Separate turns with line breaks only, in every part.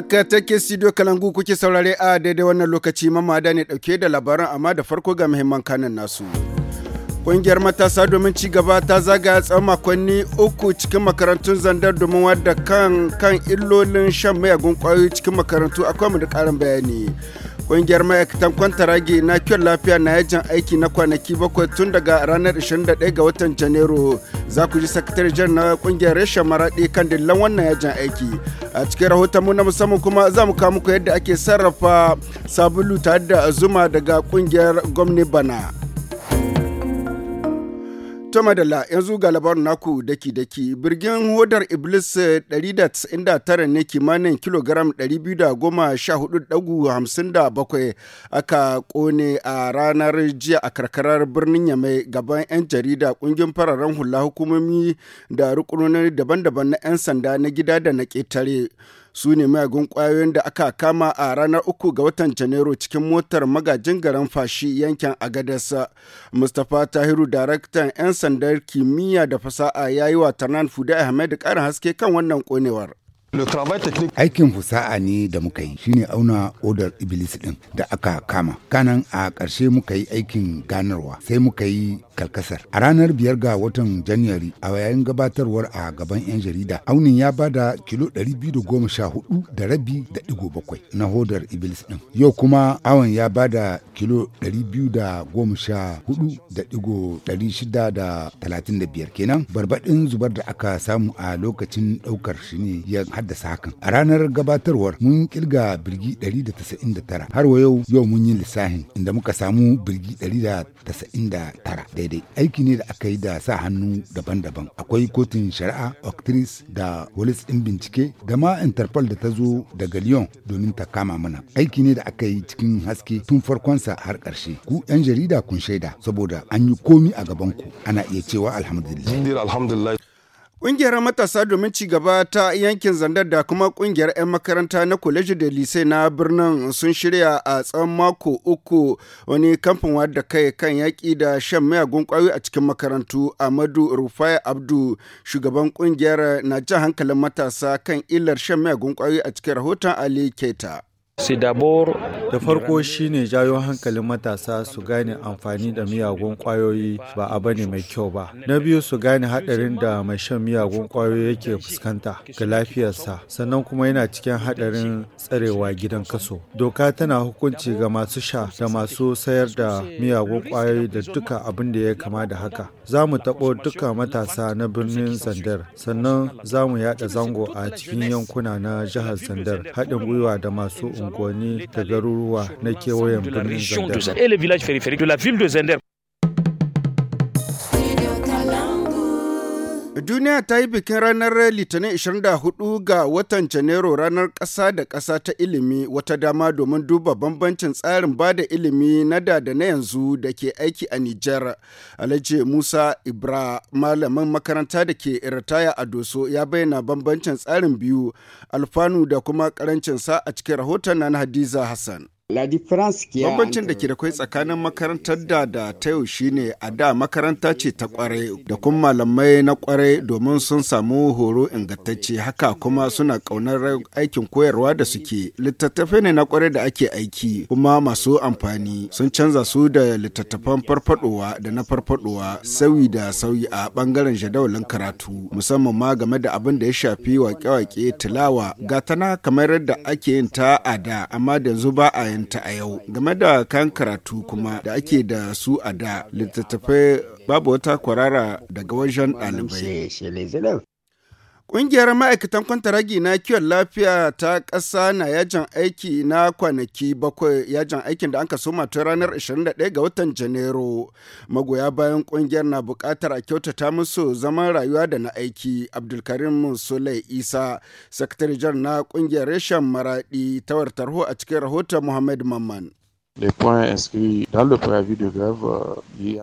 Haka take studio Kalangu kuke saurare a daidai wannan lokaci mamada ne dauke da labaran amma da farko ga muhimman kanan nasu. kungiyar matasa domin ci gaba ta zagaya tsawon makonni uku cikin makarantun zandar domin wadda kan kan illolin shan mayagun kwayoyi cikin makarantu akwai mu da karin bayani. kungiyar ma'aikatan kwanta rage na kyon lafiya na yajin aiki na kwanaki bakwai tun daga ranar 21 ga watan Janairu. Za ku ji sakatare jan na kungiyar reshen maraɗi kan dillan wannan yajin aiki. A cikin rahoton mu na musamman kuma za mu kawo muku yadda ake sarrafa sabulu tare da zuma daga kungiyar gwamnati bana. Ta madalla yanzu ga labarin naku daki-daki birgin hodar Iblis 199 eh, ne kimanin kilogram 214.57 aka kone a ranar jiya a karkarar birnin Yamai gaban 'yan jarida kungin fararen hula hukumomi da rukunonin daban-daban na 'yan sanda na gida da na ƙetare. su ne mayagun kwayoyin da aka kama a ranar uku ga watan janairu cikin motar magajin garin fashi yankin agadarsa mustapha tahiru daraktan 'yan sandar kimiyya da fasa'a ya yi wa tarnan fude ahmed ƙarin haske kan wannan konewar.
Aikin fusa'a ne da muka yi shine auna odar Iblis din da aka kama. Kanan a ƙarshe muka yi aikin ganarwa sai muka yi kalkasar. A ranar biyar ga watan Janairu a yayin gabatarwar a gaban 'yan jarida aunin ya bada kilo 214 da rabi da digo bakwai na hodar iblis din. Yau kuma awon ya bada kilo 214 da digo 635 kenan barbaɗin zubar da aka samu a lokacin ɗaukar shi ne ya haddasa hakan. A ranar gabatarwar mun kirga birgi 199 har wayo yau mun yi lissahin inda muka samu birgi 199 daidai. daidai aiki ne da aka yi da sa hannu daban-daban akwai kotun shari'a octris da polis din bincike da ma interpol da ta zo daga lyon domin ta kama mana aiki ne da aka yi cikin haske tun farkonsa har karshe ku 'yan jarida kun shaida saboda an yi komi a gabanku ana iya cewa
alhamdulillah Ƙungiyar matasa domin cigaba ta yankin zandar da kuma ƙungiyar 'yan makaranta na kwaleji da lise na birnin sun shirya a tsawon mako uku wani kamfin wadda kai kan yaƙi da shan miyagun ƙwayoyi a cikin makarantu Amadu Rufai Abdu shugaban ƙungiyar na jan hankalin matasa kan illar shan miyagun ƙwayoyi a cikin rahoton Ali Keta. Da farko shine jayo hankalin matasa su gane amfani da miyagun kwayoyi ba a bane mai kyau ba. Na biyu su gane haɗarin da mai shan miyagun kwayoyi yake fuskanta ga lafiyarsa sannan kuma yana cikin haɗarin tsarewa gidan kaso. Doka tana hukunci ga masu sha da masu sayar da miyagun kwayoyi da duka abin da ya kama da haka. Za mu taɓo duka matasa na birnin Zandar sannan za mu yaɗa zango a cikin yankuna na jihar Zandar haɗin gwiwa da masu unguwanni da garuruwa na kewayen birnin Zandar. Duniya ta yi bikin ranar Litinin 24 ga watan Janairu ranar ƙasa da ƙasa ta ilimi wata dama domin duba bambancin tsarin ba da ilimi na da da na yanzu da ke aiki a Nijar. Alhaji Musa Ibra malamin makaranta da ke ritaya a Doso ya bayyana bambancin tsarin biyu alfanu da kuma karancin sa a cikin rahoton na Hadiza Hassan. Bambancin da ke da kwai tsakanin makarantar da da ta yau shi ne a da makaranta ce ta kwarai da kuma malamai na kwarai domin sun samu horo ingantacce haka kuma suna kaunar aikin koyarwa da suke. Littattafai ne na kwarai da ake aiki kuma masu amfani sun canza su da littattafan farfadowa da na farfadowa sauyi da sauyi a bangaren jadawalin karatu musamman ma game da abin da ya shafi wake-wake tilawa gatana kamar yadda ake yin ta a da amma da yanzu ba a inganta a yau game da kan karatu kuma da ake da su a da littattafai babu wata kwarara daga wajen ɗalibai Ƙungiyar ma'aikatan kwantaragi na kiwon lafiya ta ƙasa na yajin aiki na kwanaki bakwai yajin aikin da an soma tun ranar 21 ga watan Janairu. Magoya bayan ƙungiyar na buƙatar a kyautata musu zaman rayuwa da na aiki. Abdulkarim Musulai Isa, sakatare jan na ƙungiyar reshen maraɗi tawar tarho a cikin rahoton Muhammad Mamman. Euh,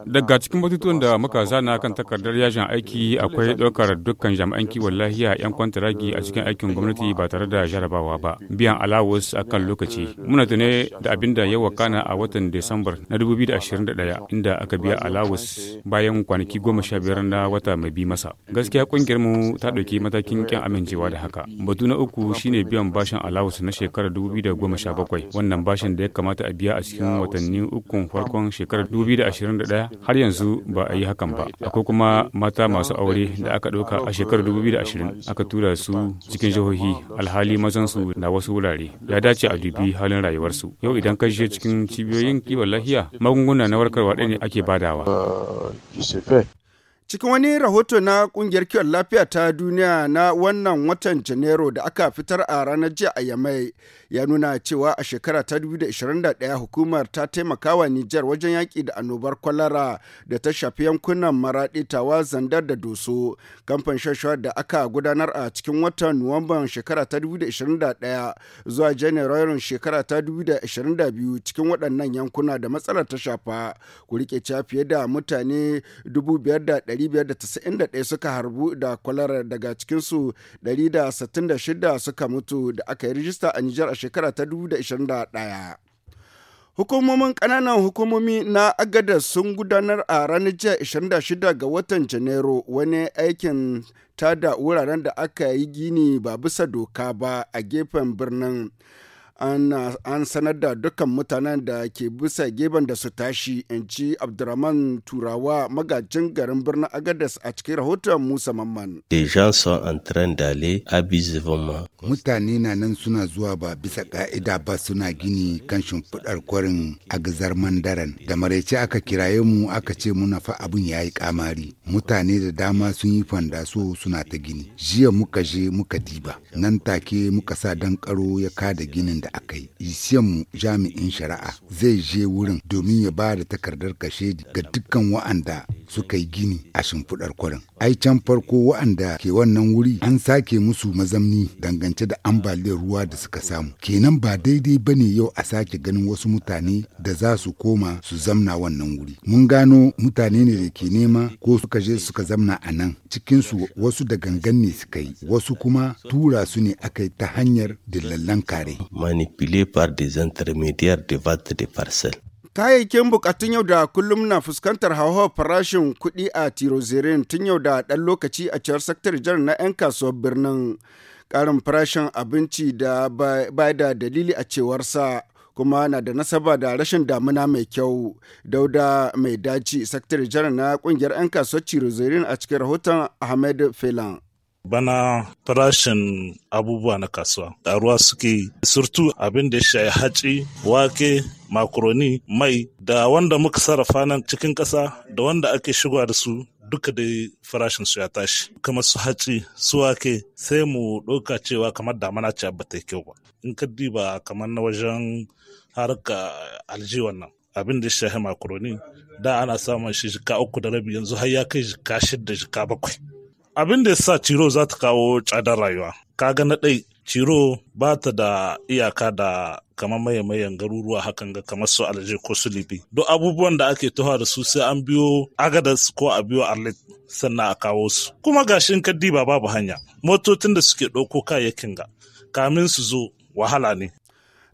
Daga cikin batutuwan da muka zana kan takardar yajin aiki akwai ɗaukar dukkan jami'an kiwon lafiya 'yan kwantaragi a cikin aikin gwamnati ba tare da jarabawa ba, biyan alawus a kan lokaci. Muna tune da abin da ya wakana a watan disambar na 2021 inda aka biya alawus bayan kwanaki goma sha biyar na wata mai bi masa. Gaskiya ƙungiyar mu ta ɗauki matakin ƙin amincewa da haka. Batu na uku shine biyan bashin alawus na shekarar 2017 wannan bashin da ya kamata a biya a cikin watanni ukun farkon shekarar 2021 har yanzu ba a yi hakan ba. Akwai kuma mata masu aure da aka ɗauka a shekarar 2020 aka tura su cikin jihohi alhali mazansu na wasu wurare. Ya dace a dubi halin rayuwarsu. Yau idan ka je cikin cibiyoyin kiwon lafiya magunguna na warkarwa ɗaya ne ake badawa. Euh,
Cikin wani rahoto na kungiyar kiwon lafiya ta duniya na wannan watan Janairu da aka fitar a ranar jiya a Yamai ya nuna cewa a shekara ta 2021 hukumar ta taimaka wa Nijar wajen yaƙi da annobar kwalara da ta shafi yankunan maraɗi zandar da doso. Kamfan shashawar da aka gudanar a cikin watan Nuwamban shekara ta 2021 zuwa Janairun shekara ta 2022 cikin waɗannan yankuna da matsalar ta shafa. Ku riƙe fiye da mutane 5,000 591 suka harbu da kwalara daga cikinsu 166 suka mutu da aka yi rijista a Nijar a shekara ta 2021. Hukumomin kananan hukumomi na agada sun gudanar a ranar jiya 26 ga watan Janairu wani aikin tada wuraren da aka yi gini ba bisa doka ba a gefen birnin. an sanar da dukkan mutanen da ke bisa geben da su tashi in ci abdurrahman turawa magajin garin birnin agadas a cikin rahoton musa mamman
mutane na nan suna zuwa ba bisa ka'ida ba suna gini kan shimfiɗar kwarin agazar mandaran da maraice aka kiraye mu aka ce muna fa abin ya yi kamari mutane da dama sun yi fandaso suna ta gini jiya muka je muka diba nan take muka sa dankaro karo ya kada ginin da da aka yi isiyanmu jami'in shari'a zai je wurin domin ya ba da takardar kashedi ga dukkan wa'anda suka yi gini a shimfiɗar kwarin ai can farko wa'anda ke wannan wuri an sake musu mazamni dangance da ambaliyar ruwa da suka samu kenan ba daidai ba ne yau a sake ganin wasu mutane da za su koma su zamna wannan wuri mun gano mutane ne da ke nema ko suka je suka zamna a nan cikinsu wasu da gangan ne suka yi
wasu kuma tura su ne aka yi ta hanyar dillallan kare manipulé par des intermédiaires de vente de parcelles. Kayayyakin bukatun yau da kullum na fuskantar hauhawar farashin kuɗi a tirozerin tun yau da ɗan lokaci a cewar sakatare jar na 'yan kasuwar birnin ƙarin farashin abinci da ba da dalili a cewarsa kuma na da nasaba da rashin damuna mai kyau dauda mai daci sakatare jar na ƙungiyar 'yan kasuwar tirozerin a cikin rahoton ahmed felan
bana
farashin abubuwa na kasuwa ƙaruwa suke surtu abin da shayi haci wake makaroni mai da wanda muka sarrafa nan cikin ƙasa da wanda ake shigowa da su duka da farashin su ya tashi kamar su haci su wake sai mu ɗauka cewa kamar damana ce ba ta kyau ba in ka diba kamar na wajen harka alji wannan abin da shi makaroni da ana samun shi jika uku da rabi yanzu har ya kai jika shida jika bakwai abin da ya sa ciro za ta kawo tsadar rayuwa kaga na ɗai ciro ba ta da iyaka da kamar mayan garuruwa hakan ga kamar su alje ko su libi duk abubuwan da ake tuha da su sai an biyo agadas ko a biyo arlet sannan a kawo su kuma gashin kaddi ba babu hanya motocin da suke ɗauko kayayyakin ga kamin su zo wahala ne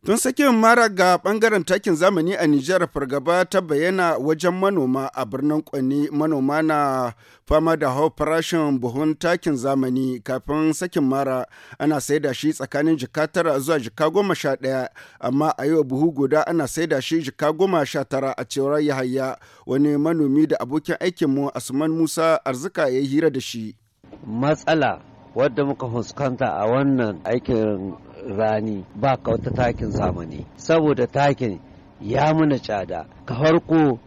Tun sakin mara ga bangaren takin zamani a Nijar fargaba ta bayyana wajen manoma a birnin Kwani manoma na fama da hau farashin buhun takin zamani kafin sakin mara ana saida shi tsakanin jika tara zuwa jika goma sha ɗaya amma a yau buhu guda ana saida shi jika goma sha tara a cewar Yahaya wani manomi da abokin aikinmu Asman Musa Arzika ya hira da shi. Matsala wadda muka fuskanta a wannan aikin rani ba ka wata takin zamani saboda takin ya muna cada ka farko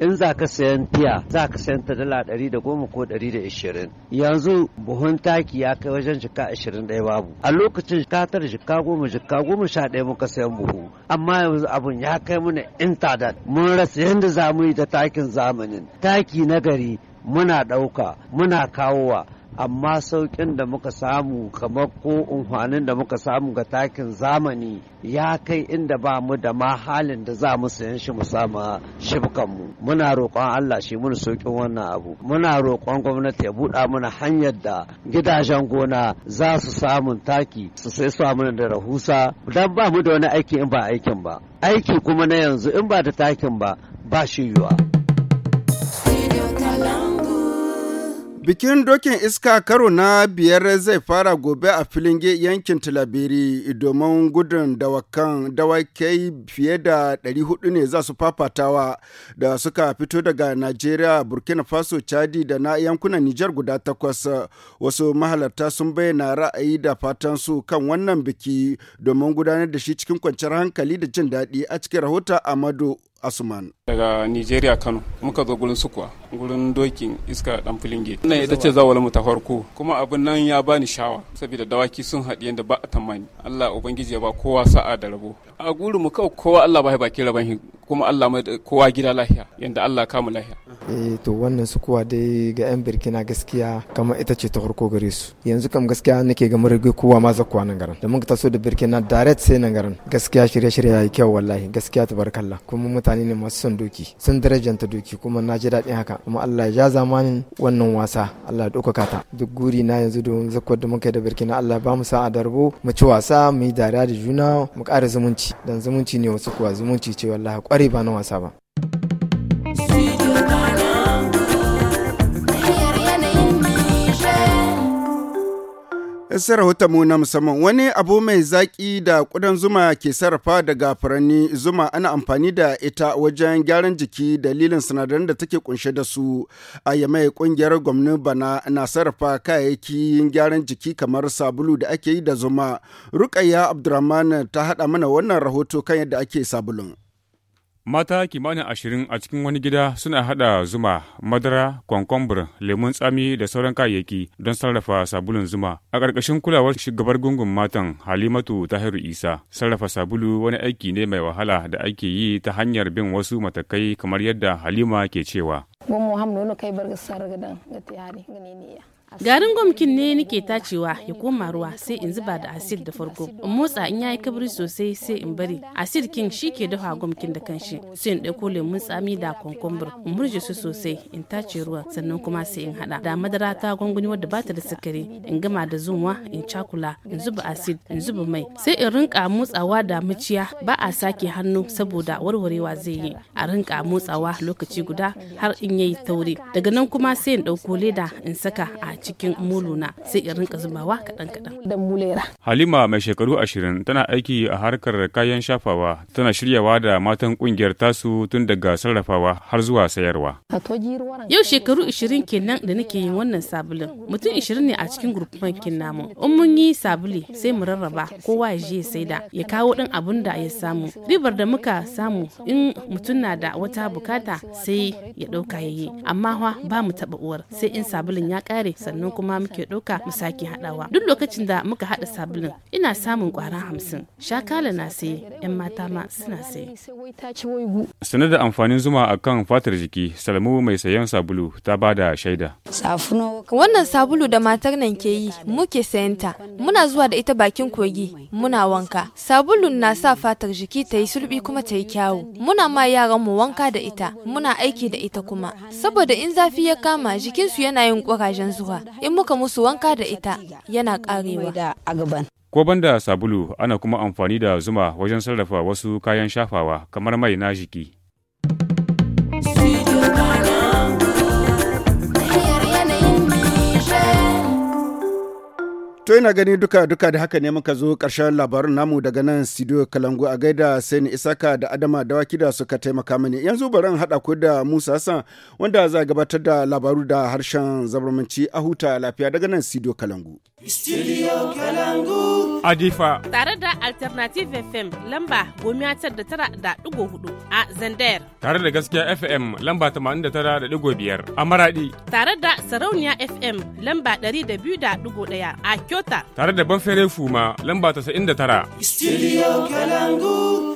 in za ka sayan tiya za ka sayan ta dala ɗari da goma ko ɗari da ishirin yanzu buhun taki ya kai wajen jika ashirin ɗaya babu a lokacin jika tara jika goma jika goma sha ɗaya muka sayan buhu amma yanzu abun ya kai mana intanet mun rasa yadda za mu yi da takin zamanin taki na gari muna ɗauka muna kawowa amma sauƙin da muka samu kamar ko umfanin da muka samu ga takin zamani ya kai inda ba mu da ma halin da za mu sayan shi mu sama shifkanmu muna roƙon Allah shi mun sauƙin wannan abu muna roƙon gwamnati ya buɗa mana hanyar da gidajen gona za su samun taki su sai su mana da rahusa don ba mu da wani aiki in ba aikin ba aiki kuma na yanzu in ba da takin ba ba shi yiwuwa Bikin dokin iska karo na biyar zai fara gobe a filin yankin tilabiri domin gudun dawakan dawakai fiye da 400 ne za su fafatawa da suka fito daga Najeriya, Burkina Faso, Chadi da na yankunan Nijar guda takwas. Wasu mahalarta sun bayyana ra'ayi da fatan su kan wannan biki domin gudanar da shi cikin kwanciyar hankali da jin daɗi a cikin rahoton Amadu Asuman.
Daga Nigeria Kano muka zo gurin sukuwa gurin dokin iska dan filinge. Wannan ita ce zawal mu ta farko kuma abin nan ya bani shawa saboda dawaki sun haɗi yadda ba a tamani. Allah ubangiji ya ba kowa sa'a da rabo. A gurin mu kawai kowa Allah ba ya baki raban kuma Allah mai kowa gida lahiya yadda Allah kamu lahiya
eh to wannan sukuwa dai ga yan birkina gaskiya Kama ita ce ta farko gare su yanzu kam gaskiya nake ga rage kowa ma zakuwa nan garan da mun ka taso da birkina direct sai nan garan gaskiya shirye-shirye yayi kyau wallahi gaskiya tabarakallah kuma mutane ne masu son doki sun darajanta doki kuma na ji daɗin haka kuma Allah ya ja zamanin wannan wasa Allah ya ɗaukaka ta duk guri na yanzu don zakuwar da muka yi da birkina Allah ba mu sa'a darbo mu ci wasa mu yi dariya da juna mu ƙara zumunci dan zumunci ne wasu kuwa zumunci ce wallahi kware ba na wasa ba rahoton mu na musamman wani abu mai zaƙi da ƙudan zuma ke sarrafa daga furanni zuma ana amfani da ita wajen gyaran jiki dalilin sinadaran da take kunshe da su a yamai ƙungiyar gwamnin bana na sarrafa kayayyakin gyaran jiki kamar sabulu da ake yi da zuma rukayya abdurrahman ta haɗa mana wannan rahoto kan yadda ake sabulun
Mata kimanin ashirin a cikin wani gida suna hada zuma, madara, kwankwambur, lemun tsami da sauran kayayyaki don sarrafa sabulun zuma. A ƙarƙashin kulawar shugabar gungun matan Halimatu Tahiru Isa, sarrafa sabulu wani aiki ne mai wahala da ake yi ta hanyar bin wasu matakai kamar yadda Halima ke cewa.
garin gwamkin ne nake tacewa ya koma ruwa sai in zuba da asid da farko in motsa in yayi kabri sosai sai in bari asid king shi ke dafa gwamkin da kanshi sai in ɗauko lemun tsami da kwankwambur in murje su sosai in tace ruwa sannan kuma sai in haɗa da madara ta gwangwani wadda bata da sukari in gama da zumwa in cakula in zuba asid in zuba mai sai in rinka motsawa da muciya ba a sake hannu saboda warwarewa zai yi a rinka motsawa lokaci guda har in yayi tauri daga nan kuma sai in ɗauko leda in saka a cikin muluna sai in rinka zubawa kaɗan kaɗan.
Halima mai shekaru ashirin tana aiki a harkar kayan shafawa tana shiryawa da matan ƙungiyar tasu tun daga sarrafawa har zuwa sayarwa.
Yau shekaru ashirin kenan da nake yin wannan sabulin mutum ashirin ne a cikin gurfan namu in mun yi sabuli sai mu rarraba kowa ya je ya saida ya kawo ɗin abun da ya samu ribar da muka samu in mutum na da wata bukata sai ya ɗauka ya amma ba mu taɓa uwar sai in sabulin ya ƙare sannan kuma muke ɗauka mu sake haɗawa duk lokacin da muka haɗa sabulun ina samun ƙwara hamsin shakala na saye yan mata ma suna saye.
sanar da amfanin zuma a kan fatar jiki salamu mai sayan sabulu ta ba da shaida.
wannan sabulu da matar nan ke yi muke sayanta muna zuwa da ita bakin kogi muna wanka sabulun na sa fatar jiki ta yi sulbi kuma ta yi kyawu muna ma yaran mu wanka da ita muna aiki da ita kuma saboda in zafi ya kama jikinsu yana yin ƙurajen zuwa ba in muka musu wanka da ita yana karewa
ko banda sabulu ana kuma amfani da zuma wajen sarrafa wasu kayan shafawa kamar mai na jiki To
ina gani duka duka da haka ne muka zo karshen labarin namu daga nan studio Kalangu a gaida ni Isaka da Adama Dawaki da suka taimaka mani. Yanzu bari in haɗa ku da Musa Hassan wanda za gabatar da labaru da harshen zabarmanci a huta lafiya daga nan studio Kalangu.
Studio Kalangu. Adifa. Tare da Alternative FM lamba gomiya tar da tara da ɗigo hudu a zander.
Tare da gaskiya FM lamba tamanin da tara da ɗigo biyar a Maraɗi.
Tare da Sarauniya FM lamba ɗari da biyu da ɗigo ɗaya a Kyota.
Tare da ban fere Fuma lamba 99.
Studio Kalangu.